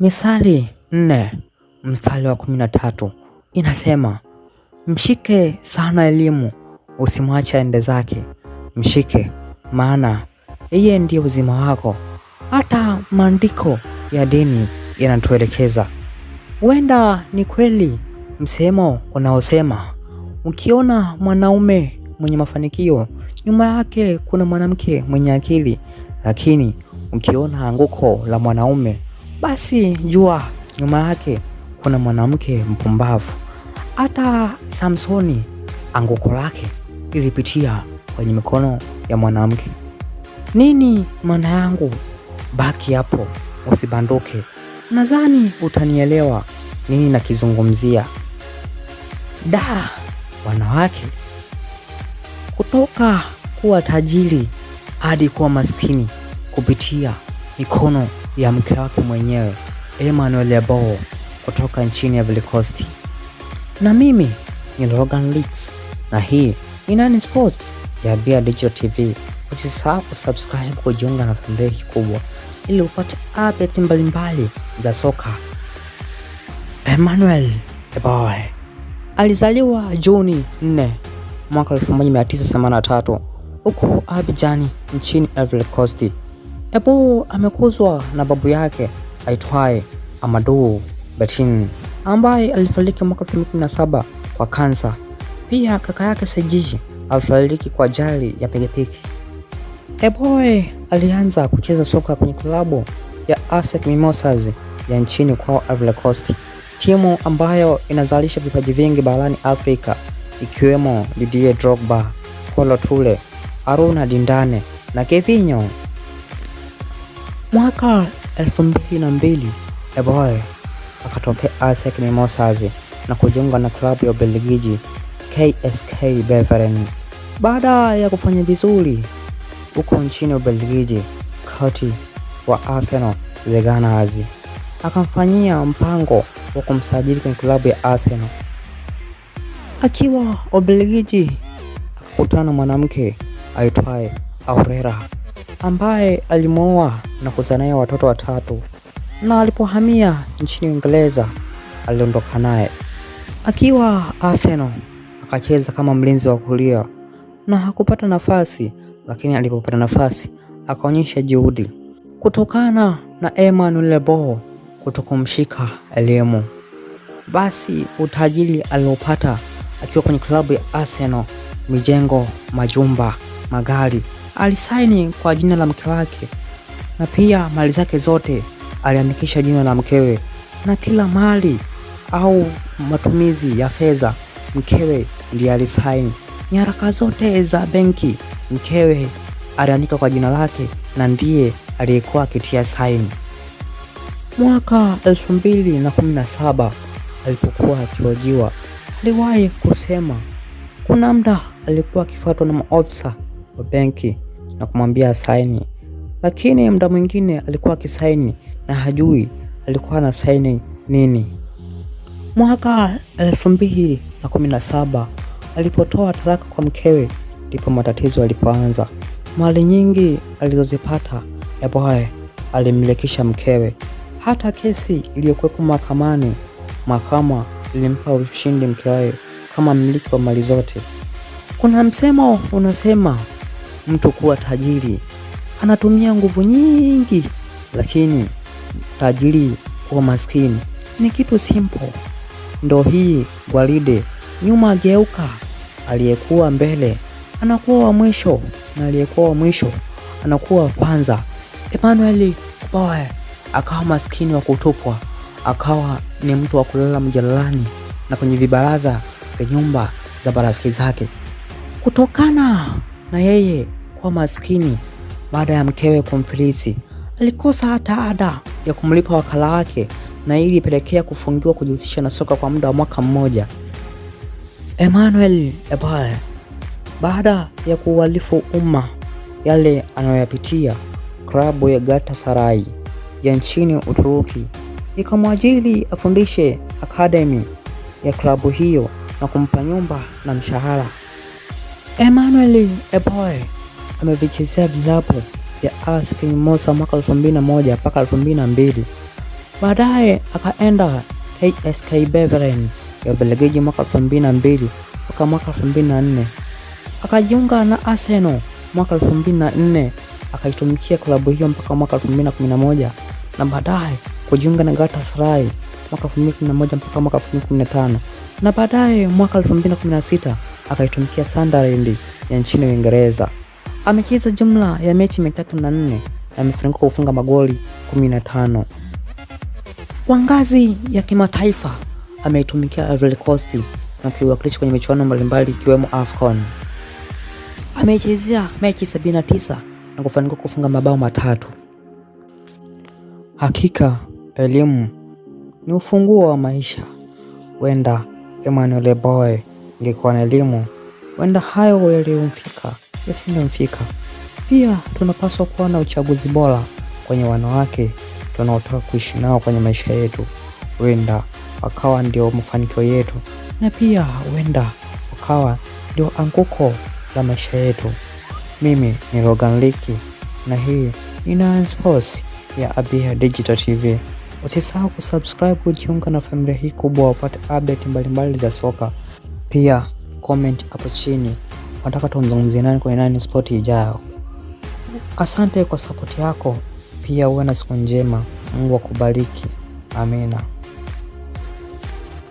Mithali nne mstari wa kumi na tatu inasema mshike sana elimu, usimwache aende zake, mshike maana yeye ndiye uzima wako. Hata maandiko ya dini yanatuelekeza. Huenda ni kweli msemo unaosema ukiona mwanaume mwenye mafanikio nyuma yake kuna mwanamke mwenye akili, lakini ukiona anguko la mwanaume basi jua nyuma yake kuna mwanamke mpumbavu. Hata Samsoni anguko lake ilipitia kwenye mikono ya mwanamke. Nini mwana yangu, baki hapo, usibanduke. Nadhani utanielewa nini nakizungumzia. Da, wanawake kutoka kuwa tajiri hadi kuwa maskini kupitia mikono ya mke wake mwenyewe Emmanuel Eboho kutoka nchini ya Vilikosti. Na mimi ni Logan Leaks na hii ni Nine Sports ya Bia Digital TV. Usisahau kusubscribe, kujiunga na familia kubwa ili upate updates mbalimbali za soka. Emmanuel Eboho alizaliwa Juni 4 mwaka 1983 huko Abidjan nchini Ivory Coast. Ebo amekuzwa na babu yake aitwaye Amadou Bertin ambaye alifariki mwaka 2007 kwa kansa. Pia kaka yake Sejiji alifariki kwa ajali ya pikipiki. Eboe alianza kucheza soka kwenye klabu ya ASEC Mimosas ya nchini kwao Ivory Coast, timu ambayo inazalisha vipaji vingi barani Afrika ikiwemo Didier Drogba, Kolo Toure, Aruna Dindane na Kevinho. Mwaka 2002 De Bruyne akatokea ASEC Mimosas na kujiunga na klabu ya Ubelgiji KSK Beveren. Baada ya kufanya vizuri huko nchini Ubelgiji, Scout wa Arsenal The Gunners akamfanyia mpango wa kumsajili kwenye klabu ya Arsenal. Akiwa Ubelgiji akakutana na mwanamke aitwaye Aurera ambaye alimwoa na kuzaa naye watoto watatu, na alipohamia nchini Uingereza aliondoka naye akiwa Arsenal, akacheza kama mlinzi wa kulia na hakupata nafasi, lakini alipopata nafasi akaonyesha juhudi kutokana na Emmanuel Lebo kutokumshika elimu. Basi utajiri aliopata akiwa kwenye klabu ya Arsenal, mijengo, majumba, magari, alisaini kwa jina la mke wake na pia mali zake zote aliandikisha jina la mkewe, na kila mali au matumizi ya fedha mkewe ndiye alisaini. Nyaraka zote za benki mkewe aliandika kwa jina lake na ndiye aliyekuwa akitia saini. Mwaka 2017 alipokuwa akihojiwa, aliwahi kusema kuna muda alikuwa akifuatwa na maofisa wa benki na kumwambia saini lakini mda mwingine alikuwa akisaini na hajui alikuwa na saini nini. Mwaka elfu mbili na na kumi saba alipotoa talaka kwa mkewe, ndipo matatizo yalipoanza. Mali nyingi alizozipata yabaye alimlekisha mkewe. Hata kesi iliyokuwepo mahakamani, mahakama ilimpa ushindi mkewe kama mmiliki wa mali zote. Kuna msemo unasema mtu kuwa tajiri anatumia nguvu nyingi, lakini tajiri kwa maskini ni kitu simple. Ndo hii gwaride nyuma ageuka, aliyekuwa mbele anakuwa wa mwisho na aliyekuwa wa mwisho anakuwa wa kwanza. Emmanuel Adebayor akawa maskini wa kutupwa, akawa ni mtu wa kulala mjalalani na kwenye vibaraza vya nyumba za marafiki zake, kutokana na yeye kuwa maskini baada ya mkewe kumfilisi. Alikosa hata ada ya kumlipa wakala wake na hii ilipelekea kufungiwa kujihusisha na soka kwa muda wa mwaka mmoja. Emmanuel Eboué baada ya kuuhalifu umma yale anayoyapitia, klabu ya Galatasaray ya nchini Uturuki ikamwajili afundishe akademi ya klabu hiyo na kumpa nyumba na mshahara. Emmanuel Eboué amevichezea vilabu vya AS Kimosa mwaka 2001 mpaka 2002. Baadaye akaenda KSK Beveren ya Ubelgiji mwaka 2002 mpaka mwaka 2004. Akajiunga na Arsenal mwaka 2004, akaitumikia klabu hiyo mpaka mwaka 2011 na baadaye kujiunga na Galatasaray mwaka 2011 mpaka mwaka 2015 na baadaye mwaka 2016 akaitumikia Sunderland ya nchini Uingereza amecheza jumla ya mechi mia na nne na amefanikiwa kufunga magoli 15. Kwa ngazi ya kimataifa ameitumikia Ivory Coast na kuiwakilisha kwenye michuano mbalimbali ikiwemo AFCON. Amechezea mechi 79 na kufanikiwa kufunga mabao matatu. Hakika elimu ni ufunguo wa maisha. Wenda Emmanuel Eboe ingekuwa na elimu, wenda hayo yaliyomfika yasingemfika. Pia tunapaswa kuwa na uchaguzi bora kwenye wanawake tunaotaka kuishi nao kwenye maisha yetu, huenda wakawa ndio mafanikio yetu na pia huenda wakawa ndio anguko la maisha yetu. Mimi ni Logan Liki na hii ni Nine Sports ya Abia Digital TV. Usisahau kusubscribe, kujiunga na familia hii kubwa, wapate update mbalimbali za soka. Pia comment hapo chini wataka tumzungumzie nani kwenye nani spoti ijayo. Asante kwa sapoti yako, pia uwe na siku njema. Mungu akubariki. Amina.